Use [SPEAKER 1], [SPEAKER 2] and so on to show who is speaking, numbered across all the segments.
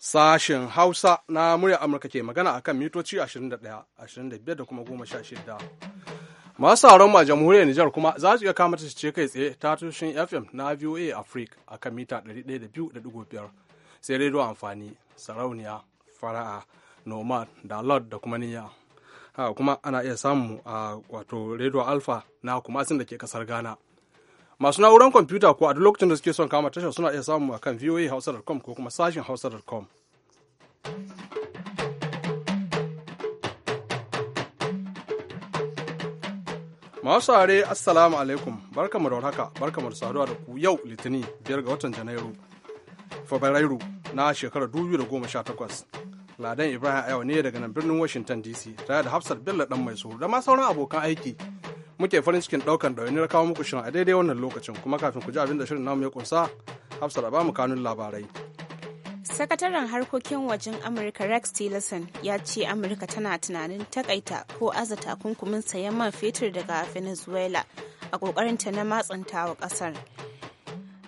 [SPEAKER 1] Sashen Hausa na murya Amurka ke magana akan mitoci 21, da kuma 16. Masu sauran ma jamhuriyar Nijar kuma za su iya kama ta ce kai tsaye ta tushen FM na VOA Africa akan mita 102.5 sai rediyo amfani sarauniya fara'a nomad da lord da kuma niyya kuma ana iya samu a wato rediyo alfa na kuma da ke kasar ghana masu na'urar kwamfuta ko a duk lokacin da suke son kama tashar suna iya samu akan voahausa.com ko kuma sashin hausa.com masu saurare assalamu alaikum barkamu da warhaka barkamu da saduwa da ku yau litinin biyar ga watan janairu fabrairu na shekarar 2018 ladan ibrahim ayawa ne daga nan birnin washington dc tare da hafsat bello dan mai da ma sauran abokan aiki muke farin cikin da wani kawo muku shirin a daidai wannan lokacin kuma kafin ku ji abin da shirin namu ya kunsa hafsar ba mu kanun labarai
[SPEAKER 2] sakataren harkokin wajen amurka rex tillerson ya ce amurka tana tunanin takaita ko aza takunkumin sayan man fetur daga venezuela a kokarinta na matsanta wa kasar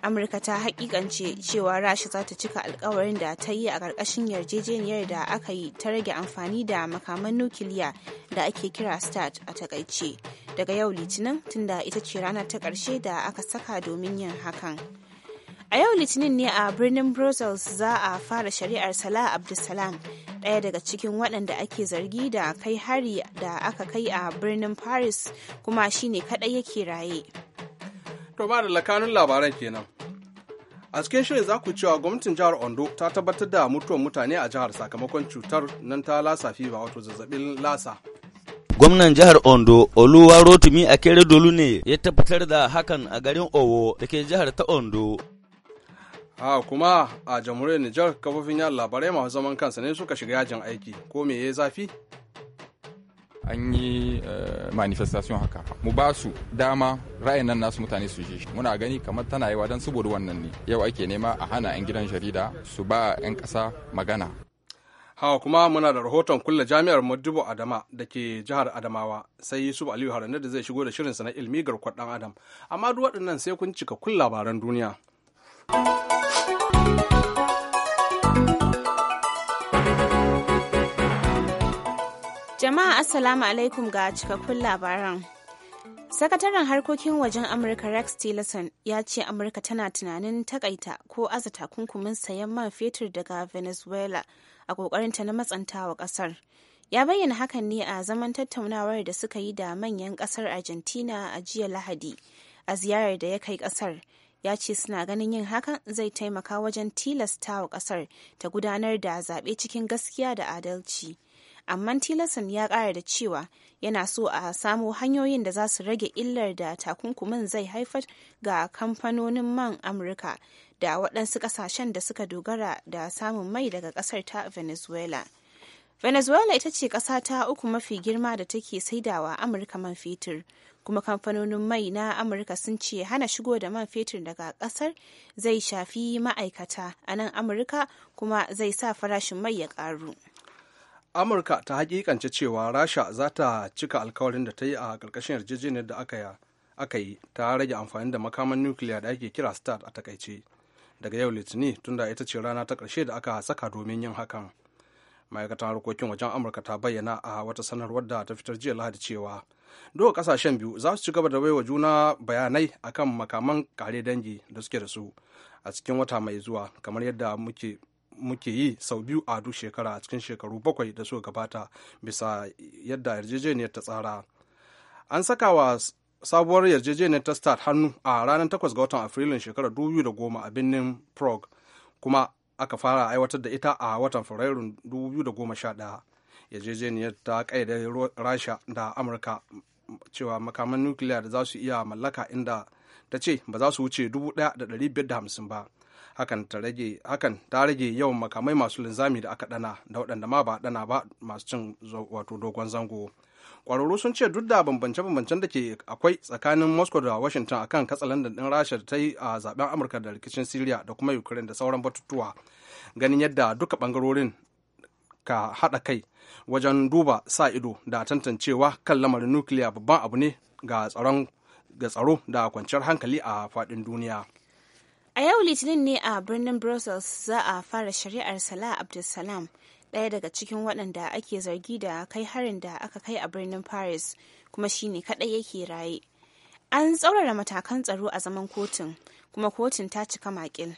[SPEAKER 2] amurka ta hakikance cewa rasha za ta cika alkawarin da ta yi a karkashin yarjejeniyar da aka yi ta rage amfani da makaman nukiliya da ake kira start a takaice daga yau litinin tunda ita ce rana ta ƙarshe da aka saka domin yin hakan a yau litinin ne a birnin brussels za a fara shari'ar salah abdulsalam ɗaya daga cikin waɗanda ake zargi da kai hari da aka kai a birnin paris kuma shine kaɗai yake raye
[SPEAKER 1] to ba da lakanun labaran kenan a cikin shirin za ku cewa gwamnatin jihar ondo ta tabbatar da mutuwar mutane a jihar sakamakon cutar nan ta lasa fiba wato zazzabin lasa
[SPEAKER 3] Gwamnan jihar Ondo Oluwa Rotumi Akere Dolu ne ya tabbatar da hakan a garin Owo da ke jihar ta Ondo.
[SPEAKER 1] A kuma a jamhuriyar Nijar kafofin yan labarai masu zaman kansa ne suka shiga yajin aiki ko me ya zafi?
[SPEAKER 4] An yi eh, manifestation haka. Mu ba su dama ra'ayin nan nasu mutane su ji muna gani kamar tana yawa don saboda wannan ne. Yau ake nema a hana 'yan gidan jarida su ba 'yan ƙasa magana.
[SPEAKER 1] hawa kuma muna da rahoton kulle jami'ar Madubu adama da ke jihar adamawa sai yusuf aliyu harande da zai shigo da shirin na ilmi garkuwar dan adam amma duk waɗannan sai kun cika kun labaran duniya
[SPEAKER 2] jama'a assalamu alaikum ga cikakkun labaran Sakataren harkokin wajen Amurka Rex Tillerson ya ce Amurka tana tunanin takaita ko aza takunkumin sayan man fetur daga Venezuela a kokarinta na matsantawa kasar. Ya bayyana hakan ne a zaman tattaunawar da suka yi da manyan kasar Argentina a jiya Lahadi a ziyarar da ya kai kasar. Ya ce suna ganin yin hakan zai taimaka wajen tilasta wa kasar ta gudanar da zaɓe cikin gaskiya da adalci. amma tilasan ya ƙara da cewa yana so a samo hanyoyin da za su rage illar da takunkumin zai haifar ga kamfanonin man amurka da waɗansu ƙasashen da suka dogara da samun mai daga ƙasar ta venezuela venezuela ita ce ƙasa ta uku mafi girma da take saidawa amurka man fetur kuma kamfanonin mai na amurka sun ce hana shigo da man fetur daga ƙasar zai shafi ma'aikata a nan amurka kuma zai sa farashin mai ya ƙaru.
[SPEAKER 1] amurka ta hakikance cewa rasha za ta cika alkawarin da ta yi a ƙarƙashin yarjejeniyar da aka yi ta rage amfani da makaman nukiliya da ake kira start a takaice daga yau litinin tunda ita ce rana ta ƙarshe da aka saka domin yin hakan ma'aikatan harkokin wajen amurka ta bayyana a wata sanarwar da ta fitar jiya lahadi cewa duka kasashen biyu za su ci gaba da wa juna bayanai akan makaman kare dangi da suke da su a cikin wata mai zuwa kamar yadda muke muke yi sau biyu a duk shekara a cikin shekaru bakwai da suka gabata bisa yadda yarjejeniyar ta tsara an saka wa sabuwar yarjejeniyar ta start hannu a ranar 8 ga watan afrilun shekarar 2010 a birnin prague kuma aka fara aiwatar da ita a watan fabrairun 2011 yarjejeniyar ta kaida rasha da amurka cewa makaman nukiliya da za su iya mallaka inda ta ce ba za su wuce 1,550 ba hakan ta rage yawan makamai masu linzami da aka dana da waɗanda ma ba dana ba masu cin wato dogon zango kwararru sun ce duk da bambance-bambancen da ke akwai tsakanin moscow da washington akan katsalandan din rasha da ta yi a zaben amurka da rikicin syria da kuma ukraine da sauran batutuwa ganin yadda duka bangarorin ka haɗa kai wajen duba sa ido da tantancewa kan lamarin nukiliya babban abu ne ga tsaro da kwanciyar hankali a faɗin duniya.
[SPEAKER 2] A yau Litinin ne a birnin Brussels za a fara shari'ar Salah Abdulsalam, ɗaya daga cikin waɗanda ake zargi da kai harin da aka kai a birnin Paris, kuma shi ne kaɗai yake raye. An tsaurara matakan tsaro a zaman kotun, kuma kotun ta cika makil.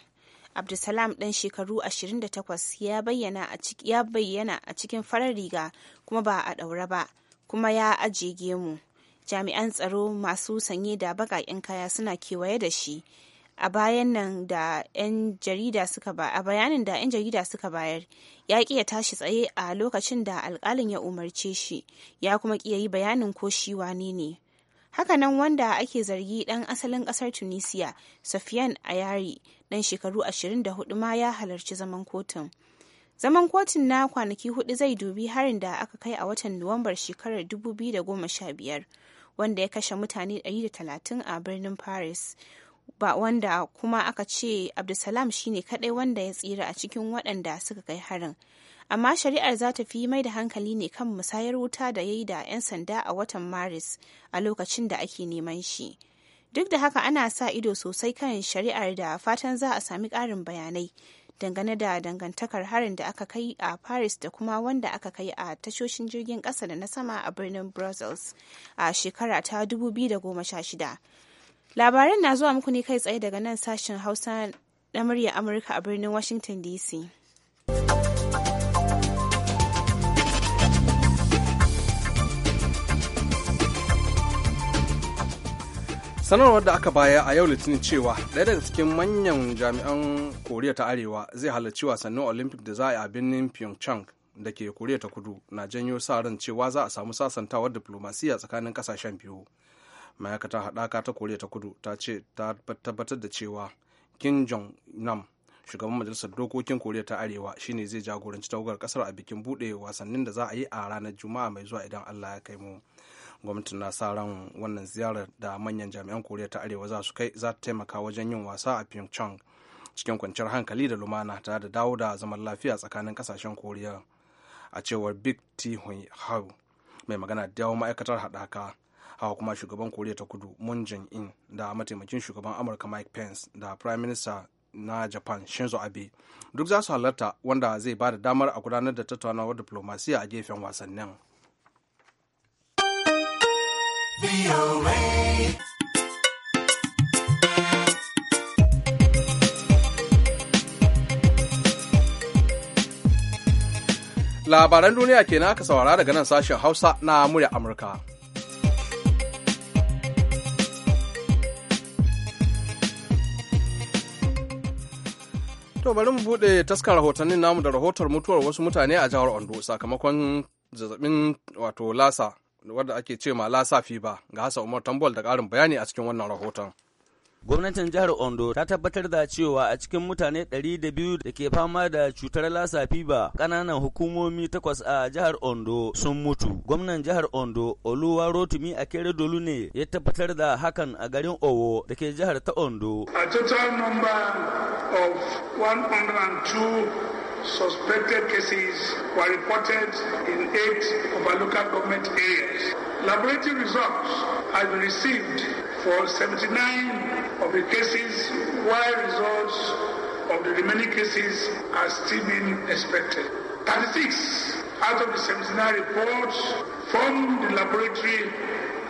[SPEAKER 2] Abdulsalam ɗan shekaru 28 ya bayyana a cikin farar riga kuma ba a ɗaure ba, kuma ya ajiye gemu. Jami'an tsaro masu sanye da baƙaƙen kaya suna kewaye da shi. a bayan nan da 'yan jarida suka ba a bayanin da 'yan jarida suka bayar ya ya tashi tsaye a lokacin da alkalin ya umarce shi ya kuma ƙiya yi bayanin ko shi wane ne hakanan wanda ake zargi dan asalin kasar tunisia sofian ayari dan shekaru 24 ma ya halarci zaman kotun zaman kotun na kwanaki hudu zai dubi harin da aka kai a watan nuwambar shekarar 2015 wanda ya kashe mutane 130 a birnin paris ba wanda kuma aka ce abdulsalam shine kadai wanda ya tsira a cikin waɗanda suka kai harin amma shari'ar za ta fi mai da hankali ne kan musayar wuta da ya yi da 'yan sanda a watan maris a lokacin da ake neman shi duk da haka ana sa ido sosai kan shari'ar da fatan za a sami ƙarin bayanai dangane da dangantakar harin da aka kai a paris da kuma wanda aka kai a tashoshin jirgin ƙasa da na sama a birnin brussels a shekara ta 2016 Labaran na zuwa muku ne kai tsaye daga nan sashen Hausa na murya Amurka a birnin Washington DC.
[SPEAKER 1] sanarwar da aka baya a yau litinin cewa ɗaya daga cikin manyan jami'an koriya ta arewa zai halarci wasannin olympic da za a yi a birnin pyeongchang da ke koriya ta kudu na janyo sa ran cewa za a samu sasantawar diplomasiya tsakanin kasashen biyu ma'aikatar haɗaka ta koriya ta kudu ta ce ta tabbatar da cewa kim jong nam shugaban majalisar dokokin koriya ta arewa shine zai jagoranci tawagar kasar a bikin buɗe wasannin da za a yi a ranar juma'a mai zuwa idan allah ya kai mu gwamnatin na sa ran wannan ziyarar da manyan jami'an koriya ta arewa za su kai za ta taimaka wajen yin wasa a pyeongchang cikin kwanciyar hankali da lumana tare da dawo da zaman lafiya tsakanin kasashen koriya a cewar big t hau mai magana da yawon ma'aikatar haɗaka hawa kuma shugaban koriya ta kudu moon in da mataimakin shugaban amurka mike pence da prime minister na japan shinzo abe duk za su halarta wanda zai ba da damar a gudanar da tattaunawar diplomasiya a gefen wasannin labaran duniya kenan aka saurara daga nan sashen hausa na murya amurka To bari mu buɗe taskar rahotannin namu da rahotar mutuwar wasu mutane a jihar Ondo sakamakon zazzabin wato lasa wadda ake ce ma lasa fiba ga Hassan Umar Tambol da ƙarin bayani a cikin wannan rahoton. Gwamnatin jihar Ondo ta tabbatar da cewa a cikin
[SPEAKER 3] mutane 200 da ke fama da cutar lasa fiba ƙananan hukumomi takwas a jihar Ondo sun mutu. Gwamnan jihar Ondo Oluwa Rotumi a Kere dolu ne ya tabbatar da hakan a garin Owo da ke jihar ta Ondo.
[SPEAKER 5] A total number of 102 suspected cases were reported in eight of our local government areas. Laboratory results have been received for 79 of the cases while results of the remaining cases are still being expected. 36 out of the 79 reports from the laboratory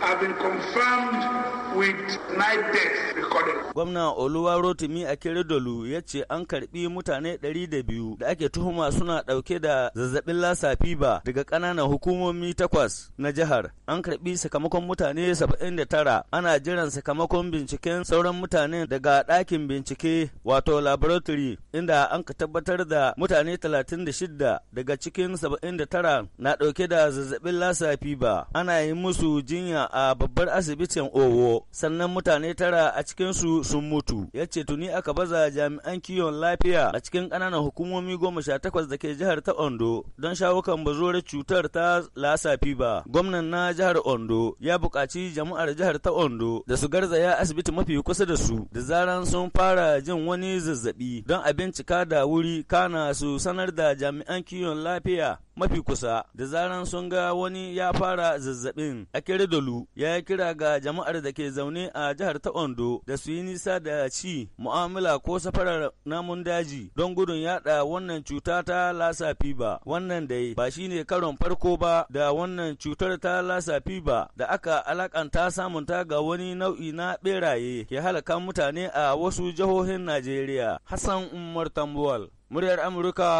[SPEAKER 5] have been confirmed
[SPEAKER 6] with Oluwaro
[SPEAKER 3] deaths recorded. Gwamna Akeredolu ya ce an karbi mutane 200 da ake tuhuma suna dauke da zazzabin lasa fiba daga kananan hukumomi takwas na jihar. An karbi sakamakon mutane 79 ana jiran sakamakon binciken sauran mutane daga ɗakin bincike wato laboratory inda an ka tabbatar da mutane 36 daga cikin 79 na dauke da zazzabin lasa fiba. Ana yi musu jinya a babbar asibitin Owo sannan mutane tara a cikinsu sun mutu. Ya ce tuni aka baza jami'an kiwon lafiya a cikin ƙananan hukumomi goma sha takwas da ke jihar ta Ondo don shawo kan bazuwar cutar ta lasa ba. Gwamnan na jihar Ondo ya buƙaci jama'ar jihar ta Ondo da su garzaya asibiti mafi kusa da su da zaran sun fara jin wani zazzaɓi. don a bincika da wuri kana su sanar da jami'an kiwon lafiya mafi kusa da zaran sun ga wani ya fara zazzabin a dalu ya yi kira ga jama'ar da ke zaune a jihar ta ondo da su yi nisa da ci mu'amala ko safarar namun daji don gudun yada wannan cuta ta lasa fiba wannan dai ba shine karon farko ba da wannan cutar ta lasa fiba da aka alakanta samunta ga wani nau'i na beraye ke halakan mutane a wasu jihohin najeriya hassan umar tambuwal muryar amurka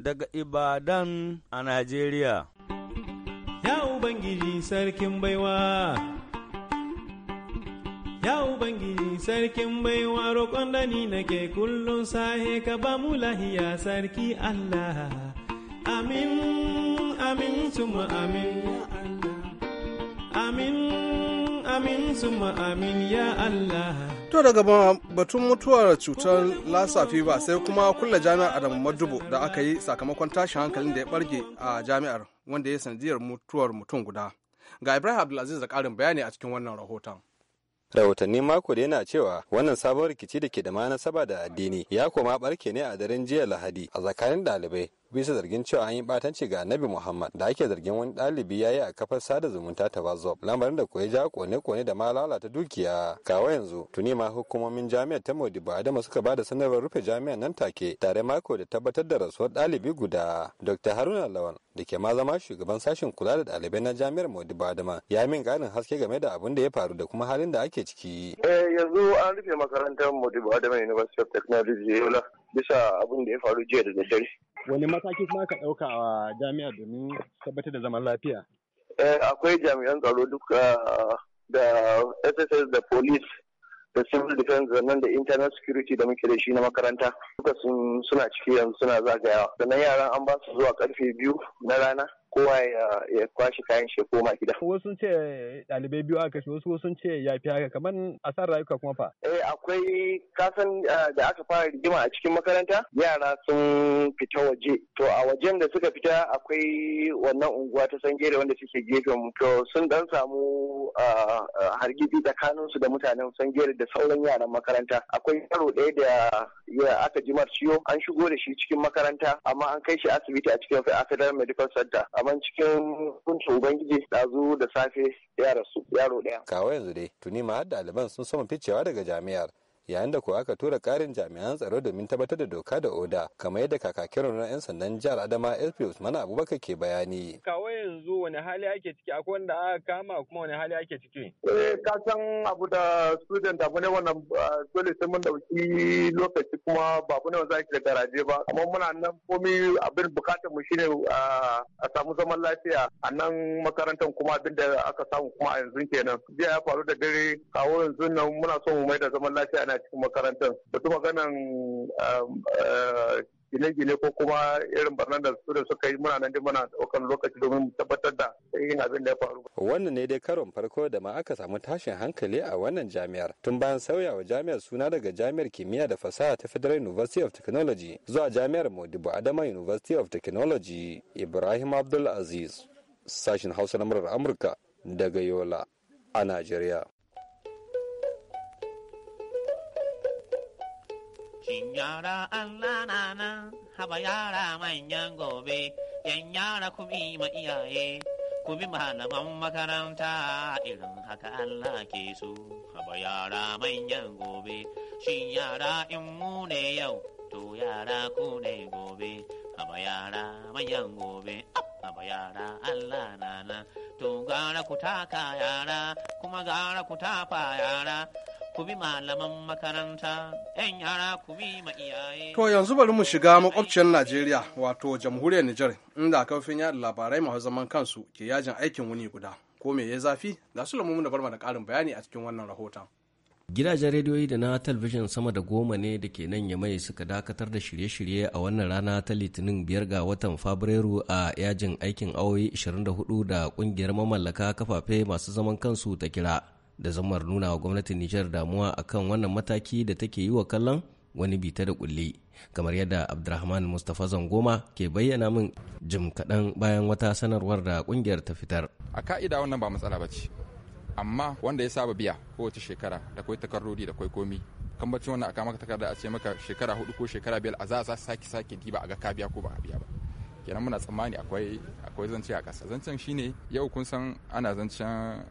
[SPEAKER 3] daga Ibadan a Najeriya. Ya Ubangiji sarkin baiwa, Ya Ubangiji sarkin baiwa roƙon da ni nake kullum sahe ka ba mu lahiya sarki Allah. Amin, amin, suma amin. Amin, amin,
[SPEAKER 1] suma amin ya Allah. To daga batun mutuwar cutar lassa ba sai kuma kulla jami'ar Adamu Madubo da aka yi sakamakon tashin hankalin da ya barge a jami'ar wanda ya sanadiyar mutuwar mutum guda. Ga Ibrahim Abdulaziz da ƙarin bayani a cikin wannan rahoton.
[SPEAKER 7] rahotanni mako da yana cewa wannan sabon rikici da ke da saba da addini ya koma barke ne a daren jiya lahadi a tsakanin ɗalibai bisa zargin cewa an yi batanci ga annabi muhammad da ake zargin wani ɗalibi ya yi a kafar sada zumunta ta wazof lamarin da kuwa ja kone-kone da ma lalata dukiya kawo yanzu tuni ma hukumomin jami'ar ta modibo adama suka ba da sanarwar rufe jami'ar nan take tare mako da tabbatar da rasuwar ɗalibi guda dr haruna lawal da ke ma zama shugaban sashen kula da ɗalibai na jami'ar modibo adama ya min ƙarin haske game da abin da ya faru da kuma halin da ake ciki.
[SPEAKER 6] Eh, yanzu an rufe makarantar modibo adama university of technology yola bisa abin da ya faru jiya da daddare
[SPEAKER 7] wani mataki kuma ka ɗauka a jami'a domin tabbatar da zaman lafiya?
[SPEAKER 6] Eh, akwai jami'an tsaro duka ah, da sss da police da civil defense nan da internal security da muke da shi na makaranta duka suna ciki yanzu suna zagayawa sannan yaran an ba su zuwa karfe biyu na rana kowa ya kwashe kayan shi koma gida.
[SPEAKER 7] Wasu sun ce ɗalibai biyu aka kashe wasu sun ce ya fi haka kamar a san rayuka kuma fa.
[SPEAKER 6] Eh akwai kasan eh, da aka fara rigima a cikin makaranta yara sun fita waje. To a wajen da suka fita akwai wannan unguwa ta Sangere wanda suke gefen mu. To sun dan samu hargitsi tsakanin su da mutanen Sangere da sauran yaran makaranta. Akwai yaro ɗaya da ya aka jimar ciwo an shigo da shi cikin makaranta amma an kai shi asibiti a cikin Federal Medical Center. amma cikin kuntun ubangiji ɗazu da safe ya rasu yaro ɗaya.
[SPEAKER 7] Kawo yanzu dai tuni ma har ɗaliban sun sama ficewa daga jami'ar yayin da kuwa aka tura karin jami'an tsaro domin tabbatar da doka da oda kamar yadda kakakin rundunar 'yan sandan jihar adama sp usman abubakar ke bayani kawai yanzu wani hali ake ciki akwai wanda aka kama kuma wani hali ake ciki eh ka san
[SPEAKER 6] abu da student da ne wannan dole sai mun dauki lokaci kuma ba abu ne wanda ake da garaje ba amma muna nan komai abin bukatar mu shine a samu zaman lafiya a nan makarantar kuma abin da aka samu kuma a yanzu kenan jiya ya faru da dare kawo yanzu nan muna son mu mai da zaman lafiya na cikin makarantar batu maganan um, uh, gine-gine ko kuma irin barnar da su da suka yi muna nan muna daukan lokaci domin tabbatar da yin abin da ya faru.
[SPEAKER 7] Wannan ne dai karon farko da ma aka samu tashin hankali a wannan jami'ar tun bayan sauyawa jami'ar suna daga jami'ar kimiyya da fasaha ta Federal University of Technology zuwa jami'ar Modibo Adama University of Technology Ibrahim Abdul Aziz sashin Hausa na murar Amurka daga Yola a Najeriya.
[SPEAKER 8] Shin yara
[SPEAKER 3] Allah na nan manyan gobe, yan yara ma iyaye, kumi malaman makaranta irin haka Allah ke so. Habayara manyan gobe, shin yara in mu ne yau, to yara ku ne gobe. habayara manyan gobe, Allah na to gara ku taka yara, kuma gara ku tafa yara. ku malaman makaranta, ‘yan yara ku ma
[SPEAKER 1] iyaye. To yanzu bari mu shiga makwabciyar Najeriya wato jamhuriyar Nijar inda kafin yada labarai masu zaman kansu ke yajin aikin wuni guda. Ko me ya zafi? Ga su lamu da barma da ƙarin bayani a cikin wannan rahoton.
[SPEAKER 9] Gidajen rediyoyi da na talabijin sama da goma ne da ke nan yamai suka dakatar da shirye-shirye a wannan rana ta litinin biyar ga watan Fabrairu a yajin aikin awoyi 24 da kungiyar mamallaka kafafe masu zaman kansu ta kira. da zamar nuna wa gwamnatin Nijar damuwa akan wannan mataki da take yi wa kallon wani bita da kulle kamar yadda Abdulrahman Mustafa Zangoma ke bayyana min jim kaɗan bayan wata
[SPEAKER 4] sanarwar da kungiyar ta fitar. A ka'ida wannan ba matsala ba ce, amma wanda ya saba biya kowace shekara da kwai takarrodi da kai komi kan bacci wannan a kama takarda a ce maka shekara hudu ko shekara biyar a za a sake sake diba a ga ka biya ko ba a biya ba. kenan muna tsammani akwai akwai zance a kasa zancen shine yau kun san ana zancen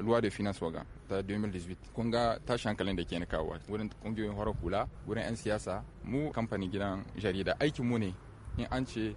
[SPEAKER 4] ruwa eh, da finance waga ta 2018 kun ga tashi hankalin da ke na kawo wurin kungiyoyin horo hula wurin 'yan siyasa mu kamfanin gidan jarida aikin mu ne in an ce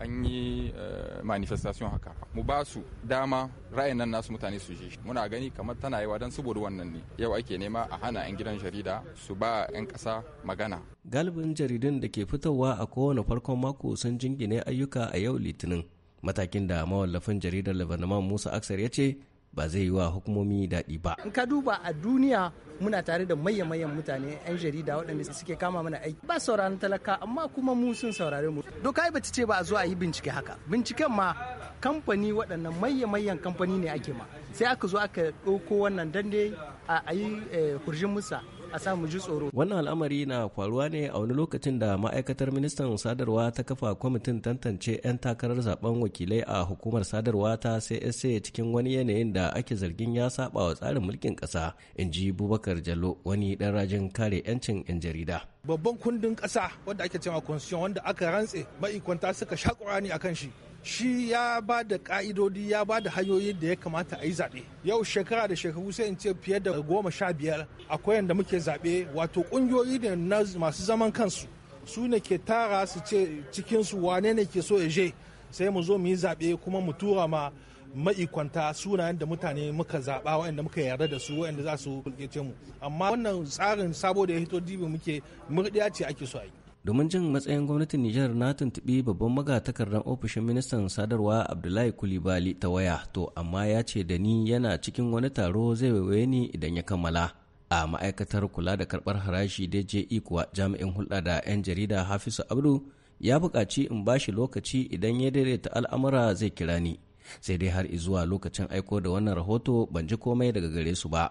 [SPEAKER 4] an yi eh, manifestation haka mu ba su dama ra'ayin nan nasu mutane su ji muna gani kamar tana yawa don saboda wannan ne yau ake nema a hana 'yan gidan jarida su ba 'yan ƙasa magana galibin
[SPEAKER 9] jaridun da ke fitowa a kowane farkon mako sun jingine ayyuka a yau litinin matakin da mawallafin jaridar lebanon musa aksar ya ce ba zai yi wa hukumomi daɗi ba.
[SPEAKER 8] In ka duba a duniya muna tare da mayan-mayan mutane 'yan jarida waɗanda suke kama mana aiki ba sauraron talaka amma kuma mu sun saurare mu. Doka ba ta ce ba a zo a yi bincike haka. Binciken ma kamfani waɗannan mayan-mayan kamfani ne ake ma. Sai aka zo aka ɗauko wannan dande a yi kurjin eh, musa a sa mu ji tsoro
[SPEAKER 9] wannan al'amari na kwaruwa ne a wani lokacin da ma'aikatar ministan sadarwa ta kafa kwamitin tantance 'yan takarar zaben wakilai a hukumar sadarwa ta CSA cikin wani yanayin da ake zargin ya saba wa tsarin mulkin ƙasa in ji Bubakar Jallo wani dan rajin kare 'yancin 'yan jarida
[SPEAKER 1] babban kundin ƙasa wanda ake cewa constitution wanda aka rantse ma'ikwanta suka sha ƙurani akan shi shi ya ba da ka'idodi ya ba da hanyoyin da ya kamata a yi zaɓe yau shekara da shekaru sai in ce fiye da goma sha biyar akwai yadda muke zaɓe wato ƙungiyoyi ne na masu zaman kansu su ne ke tara su ce cikinsu wane ne ke so ya je sai mu zo mu yi zaɓe kuma mu tura ma ma'ikwanta sunayen da mutane muka zaɓa waɗanda muka yarda da su waɗanda za su mu amma wannan tsarin sabo da ya hito dibi muke murɗiya ce ake so a yi
[SPEAKER 9] domin jin matsayin gwamnatin Nijar na tuntuɓi babban magatakardar ofishin ministan sadarwa Abdullahi Kulibali ta waya to amma ya ce da ni yana cikin wani taro zai waiwaye ni idan ya kammala. A ma'aikatar kula da karɓar harashi da JE kuwa jami'in hulɗa da 'yan jarida Hafizu Abdu ya buƙaci in ba shi lokaci idan ya daidaita al'amura zai kira ni. Sai dai har izuwa lokacin aiko da wannan rahoto ban ji komai daga gare su ba.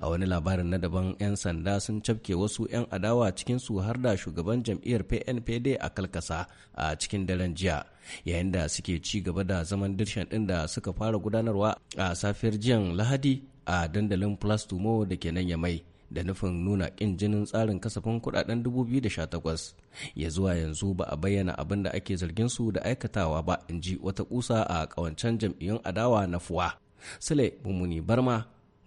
[SPEAKER 9] a wani labarin na daban 'yan sanda sun cafke wasu 'yan adawa cikinsu har da shugaban jam'iyyar pnpd a kalkasa a cikin daren jiya yayin da suke ci gaba da zaman dirshan ɗin da suka fara gudanarwa a safiyar jiyan lahadi a dandalin plastumo da ke nan yamai da nufin nuna ƙin jinin tsarin kasafin kudaden 2018 ya zuwa yanzu ba a bayyana abin da ake zargin su da aikatawa ba in ji wata kusa a ƙawancen jam'iyyun adawa na fuwa sule mummuni barma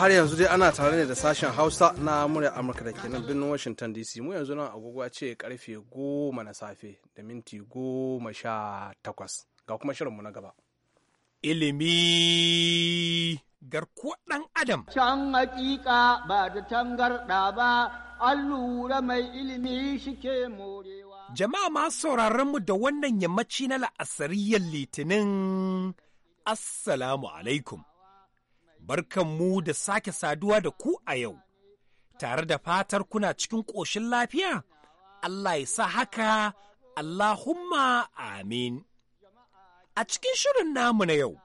[SPEAKER 1] har yanzu dai ana tare ne da sashen Hausa na murya Amurka da ke nan birnin Washington DC. Mu yanzu nan agogo ce karfe goma na safe da minti goma sha takwas. Ga kuma shirinmu na gaba. Ilimi garkuwa ɗan Adam. Can hakika
[SPEAKER 3] ba da tangarɗa ba, allura mai ilimi shike
[SPEAKER 8] morewa. Jama'a ma sauraron mu da wannan yammaci na la'asariyar litinin. Assalamu alaikum. mu da sake saduwa da ku a yau, tare da fatar kuna cikin ƙoshin lafiya, Allah ya sa haka, Allahumma amin. A cikin shirin namu na yau,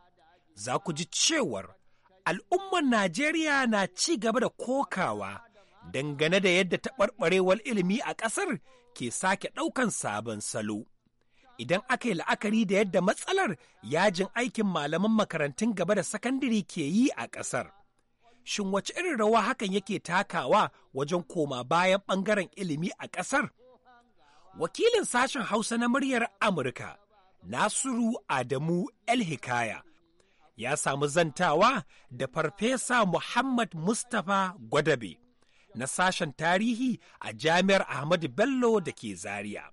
[SPEAKER 8] za ku ji cewar al'ummar Najeriya na ci gaba da kokawa dangane da yadda taɓarɓarewar ilimi a ƙasar ke sake ɗaukan sabon salo. idan aka yi la'akari da yadda matsalar yajin aikin malaman makarantun gaba da sakandare ke yi a ƙasar. Shin wace irin rawa hakan yake takawa wajen koma bayan ɓangaren ilimi a ƙasar? Wakilin sashen Hausa na muryar Amurka, Nasiru Adamu El Hikaya, ya samu zantawa da Farfesa Muhammad Mustapha Gwadabe na sashen tarihi a Jami'ar Ahmadu Bello da ke Zaria.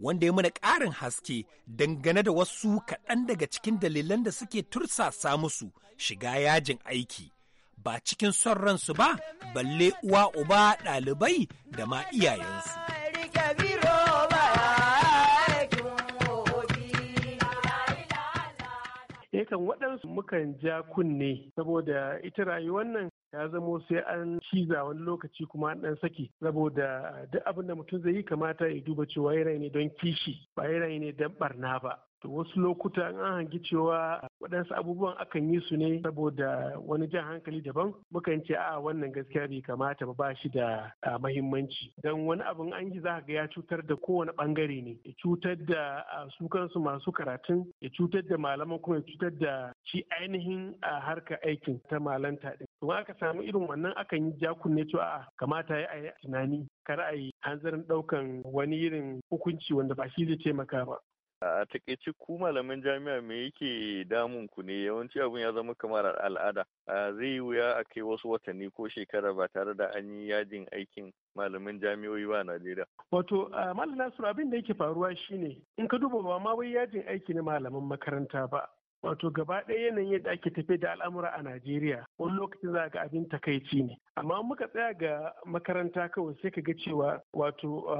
[SPEAKER 8] wanda ya mana ƙarin haske dangane da wasu kaɗan daga cikin dalilan da suke tursasa musu shiga yajin aiki. Ba cikin son ransu ba, balle uwa uba ɗalibai da ma iyayensu.
[SPEAKER 5] yakan eh waɗansu mukan ja kunne saboda ita rayuwar nan ya zamo sai an ciza wani lokaci kuma an dan saki saboda eh, duk abin da mutum zai yi kamata ya duba cewa yanayi ne don kishi ba yanayi ne don barna ba To wasu lokuta in an hangi cewa waɗansu abubuwan akan yi su ne saboda wani jan hankali daban mukan ce a wannan gaskiya bai kamata ba ba shi da ah, mahimmanci don wani abin an yi za ga ya cutar da kowane ɓangare ne ya cutar da ah, su kansu masu karatun ya cutar da malaman kuma ya cutar da shi ainihin a ah, harka aikin ta malanta ɗin. To aka samu irin wannan akan yi jakunne cewa a kamata ya yi tunani kar a yi hanzarin ɗaukan wani irin hukunci wanda ba shi zai taimaka ba. A takaice ku malaman jami'a me yake
[SPEAKER 3] damun ku ne yawanci abun ya zama kamar al'ada. Zai yi wuya a kai wasu watanni ko shekara ba tare da an yi yajin aikin malaman jami'o'i ba a Najeriya.
[SPEAKER 5] Wato malam Nasiru abin da yake faruwa shine in ka duba ba ma wai yajin aiki na malaman makaranta ba wato gaba ɗaya yanayin yadda ake tafi da al'amura a Najeriya wani lokacin za ga abin takaici ne amma muka tsaya ga makaranta kawai sai ka ga cewa wato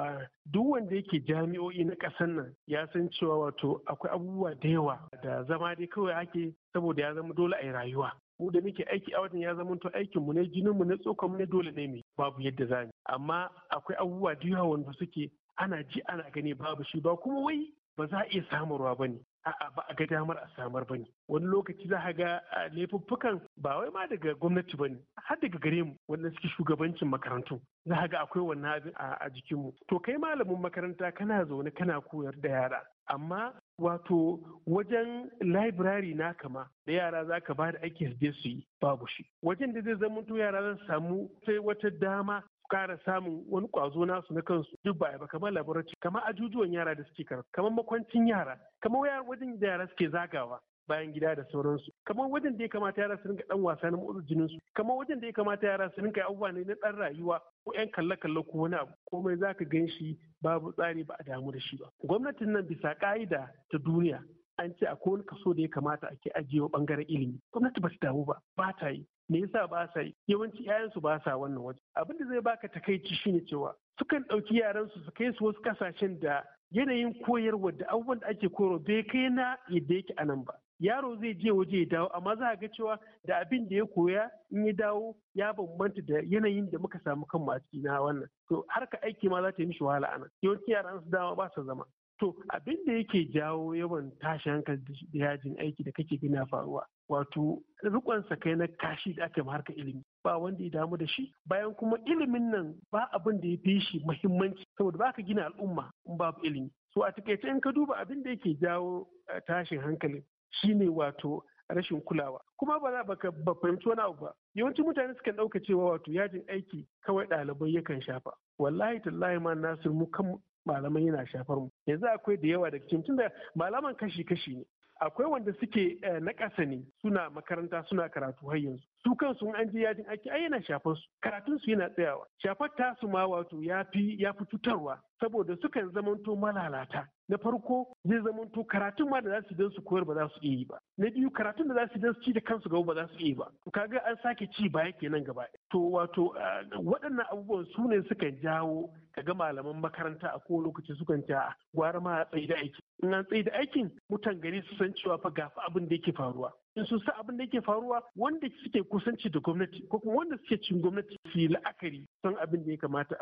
[SPEAKER 5] duk wanda yake jami'o'i na ƙasar nan ya san cewa wato akwai abubuwa da yawa da zama dai kawai ake saboda ya zama dole a yi rayuwa mu da muke aiki a wajen ya zama to aikin mu ne jinin mu ne tsokon mu ne dole ne mai babu yadda za mu amma akwai abubuwa da yawa wanda suke ana ji ana gani babu shi ba kuma wai ba za a iya samarwa ba ne a'a ba a ga damar a samar ba ne wani lokaci za ga laifuffukan ba wai ma daga gwamnati ba ne har daga gare mu wanda suke shugabancin makarantu za ga akwai wannan abin a jikinmu to kai malamin makaranta kana zaune kana koyar da yara amma wato wajen library na kama da yara za ka ba da ake je su yi babu shi wajen da zai zama to yara zan samu sai wata dama kara samun wani kwazo nasu na kansu duk ba ba kamar laboratory kamar ajujuwan yara da suke karatu kamar makwancin yara kamar wajen da yara suke zagawa bayan gida da sauransu kamar wajen da ya kamata yara su rinka dan wasa na motsa jinin su kamar wajen da ya kamata yara su rinka abubuwa ne na dan rayuwa ko yan kalle kalle ko wani abu komai zaka gan shi babu tsari ba a damu da shi ba gwamnatin nan bisa ka'ida ta duniya an ce akwai wani kaso da ya kamata ake ajiye wa bangaren ilimi gwamnati ba su damu ba ba ta yi me yasa ba sa yi yawanci 'ya'yansu ba sa wannan waje abin da zai baka takaici shine cewa sukan ɗauki yaransu su kai su wasu kasashen da yanayin koyarwa da abubuwan da ake koro bai kai na yadda yake a nan ba yaro zai je waje ya dawo amma za a ga cewa da abin da ya koya in ya dawo ya bambanta da yanayin da muka samu kan a ciki na wannan to harka aiki ma za ta yi mishi wahala nan. yawancin yaran su dama ba su zama To abin da yake jawo yawan tashi hankali da yajin aiki da kake gina faruwa wato rikon kai na kashi da aka harka ilimi ba wanda ya damu da shi bayan kuma ilimin nan ba abin da ya fi shi muhimmanci saboda baka gina al'umma in babu ilimi so a takaice in ka duba abin da yake jawo tashin hankalin shine wato rashin kulawa kuma ba za baka ba fahimci wani abu ba yawancin mutane sukan ɗauka cewa wato yajin aiki kawai ɗalibai yakan shafa wallahi tallahi ma nasir mu kan malaman yana shafar mu yanzu akwai da yawa daga cikin tunda malaman kashi kashi ne akwai wanda suke eh, na ƙasa ne suna makaranta suna karatu har yanzu su kansu an je yajin aiki ai yana shafar su karatun su yana tsayawa shafar ta su ma wato ya fi ya cutarwa saboda sukan zamanto malalata na farko zai zamanto karatun ma da za su dan su koyar ba za su iya yi ba na biyu karatun da za su dan su ci da kansu gaba ba za su iya yi ba to kaga an sake ci baya kenan gaba to wato eh, waɗannan abubuwan su ne sukan jawo kaga malaman makaranta a kowane lokaci sukan ta gwara ma tsayi da aiki na tsaye da aikin mutan gari su san cewa fa abin da yake faruwa in sun san abin da yake faruwa wanda suke kusanci da gwamnati ko kuma wanda suke cin gwamnati su yi la'akari san abin da ya kamata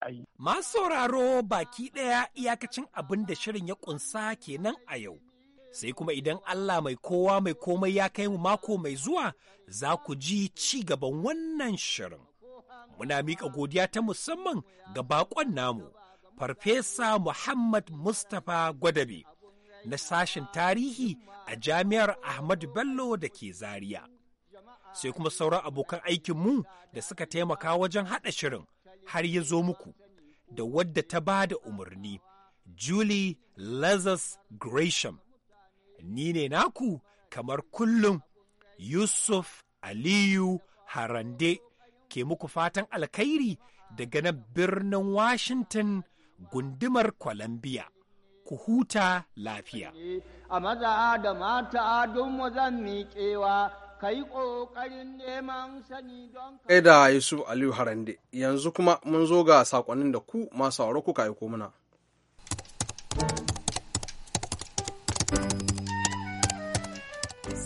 [SPEAKER 5] a yi. Masu sauraro baki ɗaya
[SPEAKER 8] iyakacin abin da shirin ya kunsa kenan a yau. Sai kuma idan Allah mai kowa mai komai ya kai mu mako mai zuwa za ku ji ci gaban wannan shirin. Muna mika godiya ta musamman ga bakon namu. Farfesa Muhammad Mustapha Gwadabe na sashen tarihi a Jami'ar Ahmadu Bello da ke Zaria. Sai kuma sauran abokan aikinmu da suka taimaka wajen haɗa shirin har ya zo muku da wadda ta ba da umarni, Julie Lazarus Gresham. Ni ne naku kamar kullum Yusuf Aliyu Harande ke muku fatan alkhairi daga nan birnin Washington gundumar
[SPEAKER 1] kwalambiya Ku huta lafiya.
[SPEAKER 3] A maza da mata don zan miƙewa, ka yi ƙoƙarin neman sani
[SPEAKER 1] don ka... da Yusuf Aliyu Harande, yanzu kuma mun zo ga saƙonin da ku masu sauro kuka aiko mana.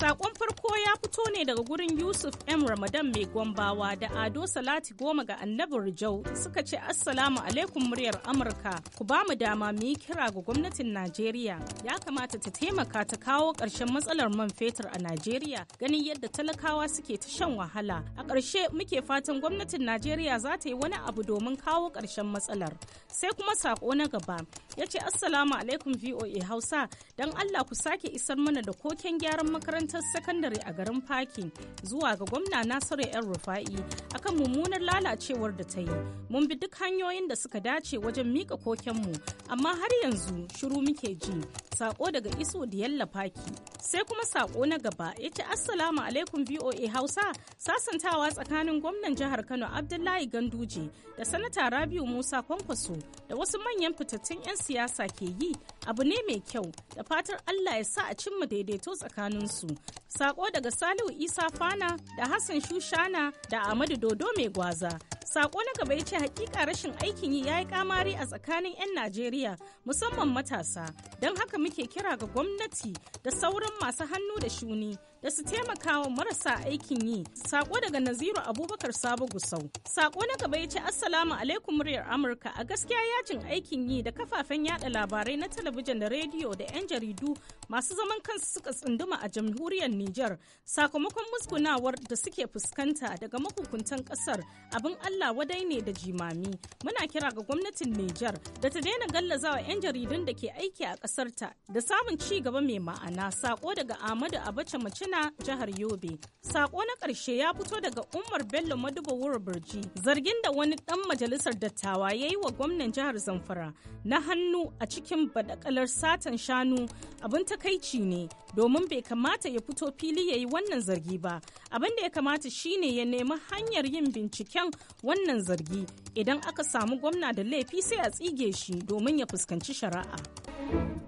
[SPEAKER 10] Sakon farko ya fito ne daga gurin Yusuf M. Ramadan mai gombawa da Ado Salati goma ga annabar Jau suka ce Assalamu alaikum muryar Amurka ku ba mu dama mu yi kira ga gwamnatin Najeriya ya kamata ta taimaka ta kawo ƙarshen matsalar man fetur a Najeriya ganin yadda talakawa suke ta shan wahala. A ƙarshe muke fatan gwamnatin Najeriya za ta yi wani abu domin kawo ƙarshen matsalar. Sai kuma sako na gaba ya ce Assalamu alaikum VOA Hausa don Allah ku sake isar mana da koken gyaran makaranta makarantar sakandare a garin Faki zuwa ga gwamna Nasiru 'yan Rufa'i akan mummunar lalacewar da ta yi. Mun bi duk hanyoyin da suka dace wajen mika kokenmu, amma har yanzu shiru muke ji. sako daga iso da yallafa ki sai kuma sako na gaba ya ce assalamu alaikum voa hausa sasantawa tsakanin gwamnan jihar kano abdullahi ganduje da sanata rabiu musa kwankwaso da wasu manyan fitattun 'yan siyasa ke yi abu ne mai kyau da fatar allah ya sa a cimma daidaito tsakaninsu sako daga salihu isa fana da hassan shushana da amadu dodo mai gwaza sako na gaba ya ce hakika rashin aikin yi ya yi kamari a tsakanin 'yan najeriya musamman matasa don haka muke kira ga gwamnati da sauran masu hannu da shuni da su taimaka wa marasa aikin yi sako daga naziru abubakar sabo gusau sako na gaba ya ce assalamu alaikum muryar amurka a gaskiya yajin aikin yi da kafafen yada labarai na talabijin da rediyo da yan jaridu masu zaman kansu suka tsunduma a jamhuriyar niger sakamakon musgunawar da suke fuskanta daga mahukuntan kasar abin allah wadai ne da jimami muna kira ga gwamnatin niger da ta daina gallazawa yan jaridun da ke aiki a kasarta da samun ci gaba mai ma'ana sako daga amadu abacha mace katsina jihar yobe sako na ƙarshe ya fito daga umar bello maduba wuri birji zargin da wani ɗan majalisar dattawa ya yi wa gwamnan jihar zamfara na hannu a cikin badakalar satan shanu abin takaici ne domin bai kamata ya fito fili ya yi wannan zargi ba abin da ya kamata shi ne ya nemi hanyar yin binciken wannan zargi idan aka samu gwamna da laifi sai a tsige shi domin ya fuskanci shari'a.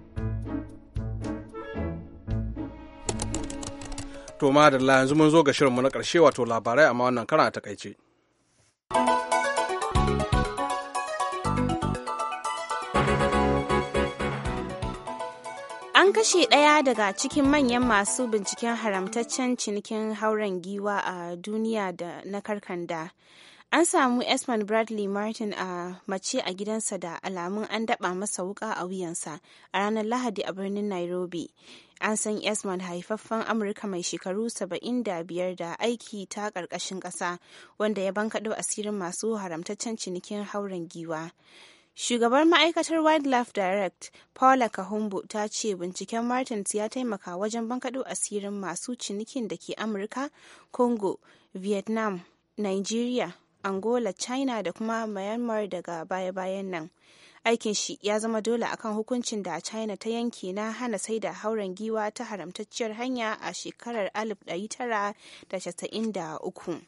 [SPEAKER 1] To ma da yanzu mun zo ga shirinmu na ƙarshe wato labarai amma wannan karan a takaice.
[SPEAKER 2] An kashe ɗaya daga cikin manyan masu binciken haramtaccen cinikin hauren giwa a duniya da na karkanda. An samu Esmond Bradley Martin a mace a gidansa da alamun an daba masa wuka a wuyansa a ranar Lahadi a birnin Nairobi. An san Esmond haifaffen Amurka mai shekaru 75 da aiki ta karkashin kasa wanda ya bankaɗo asirin masu haramtaccen cinikin hauren giwa. Shugabar ma'aikatar Wildlife Direct, Paula Kahumbu, ta ce binciken Martins ya taimaka wajen bankaɗo asirin masu cinikin da ke Amurka, Congo, Vietnam, Nigeria, angola china da kuma myanmar daga baya-bayan nan aikin shi ya zama dole akan hukuncin da china ta yanke na hana sai da hauren giwa ta haramtacciyar hanya a shekarar 1993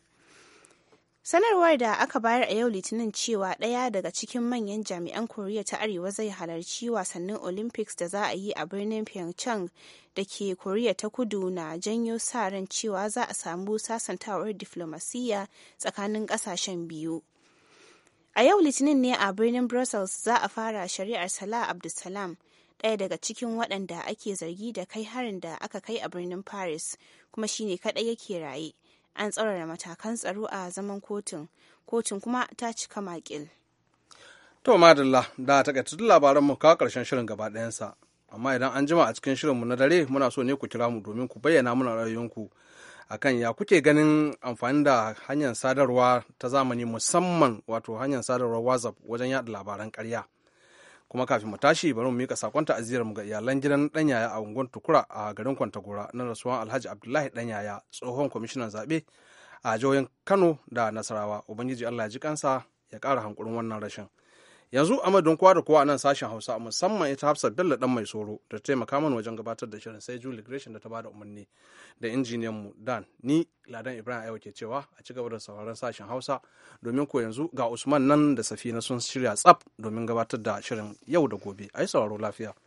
[SPEAKER 2] sanarwar da aka bayar a yau litinin cewa ɗaya daga cikin manyan jami'an koriya ta arewa zai halarci wasannin olympics da za a yi a birnin pyeongchang da ke koriya ta kudu na janyo sa ran cewa za a samu sasantawar diflomasiyya tsakanin ƙasashen biyu a yau litinin ne a birnin brussels za a fara shari'ar salah abdulsalam ɗaya daga cikin waɗanda ake zargi da kai harin da aka kai a birnin paris kuma shine kaɗai yake raye an tsaurara matakan tsaro a zaman kotun kotun kuma ta cika makil
[SPEAKER 1] to madalla da takaitattun labaran mu kawo karshen shirin gaba ɗayansa amma idan an jima a cikin shirin mu na dare muna so ne ku kira mu domin ku bayyana mana ra'ayoyinku akan ya kuke ganin amfani da hanyar sadarwa ta zamani musamman wato hanyar sadarwar whatsapp wajen yada labaran ƙarya. kuma kafin mu tashi bari mu mika sakon ta'aziyar mu ga iyalan gidan danyaya a unguwar tukura a garin kwantagora na rasuwan alhaji abdullahi danyaya tsohon kwamishinan zaɓe a jihohin kano da nasarawa ubangiji allah ya ji kansa ya ƙara hankurin wannan rashin yanzu a madon kowa da kowa a nan sashen hausa musamman ita hafsat bello dan mai soro da ta taimaka mana wajen gabatar da shirin sai julie gresham da ta bada umarni da injiniyan mu dan ni ladan ibrahim ayo ke cewa a ci gaba da sauraron sashen hausa domin ko yanzu ga usman nan da safina sun shirya tsaf domin gabatar da shirin yau da gobe a yi sauraro lafiya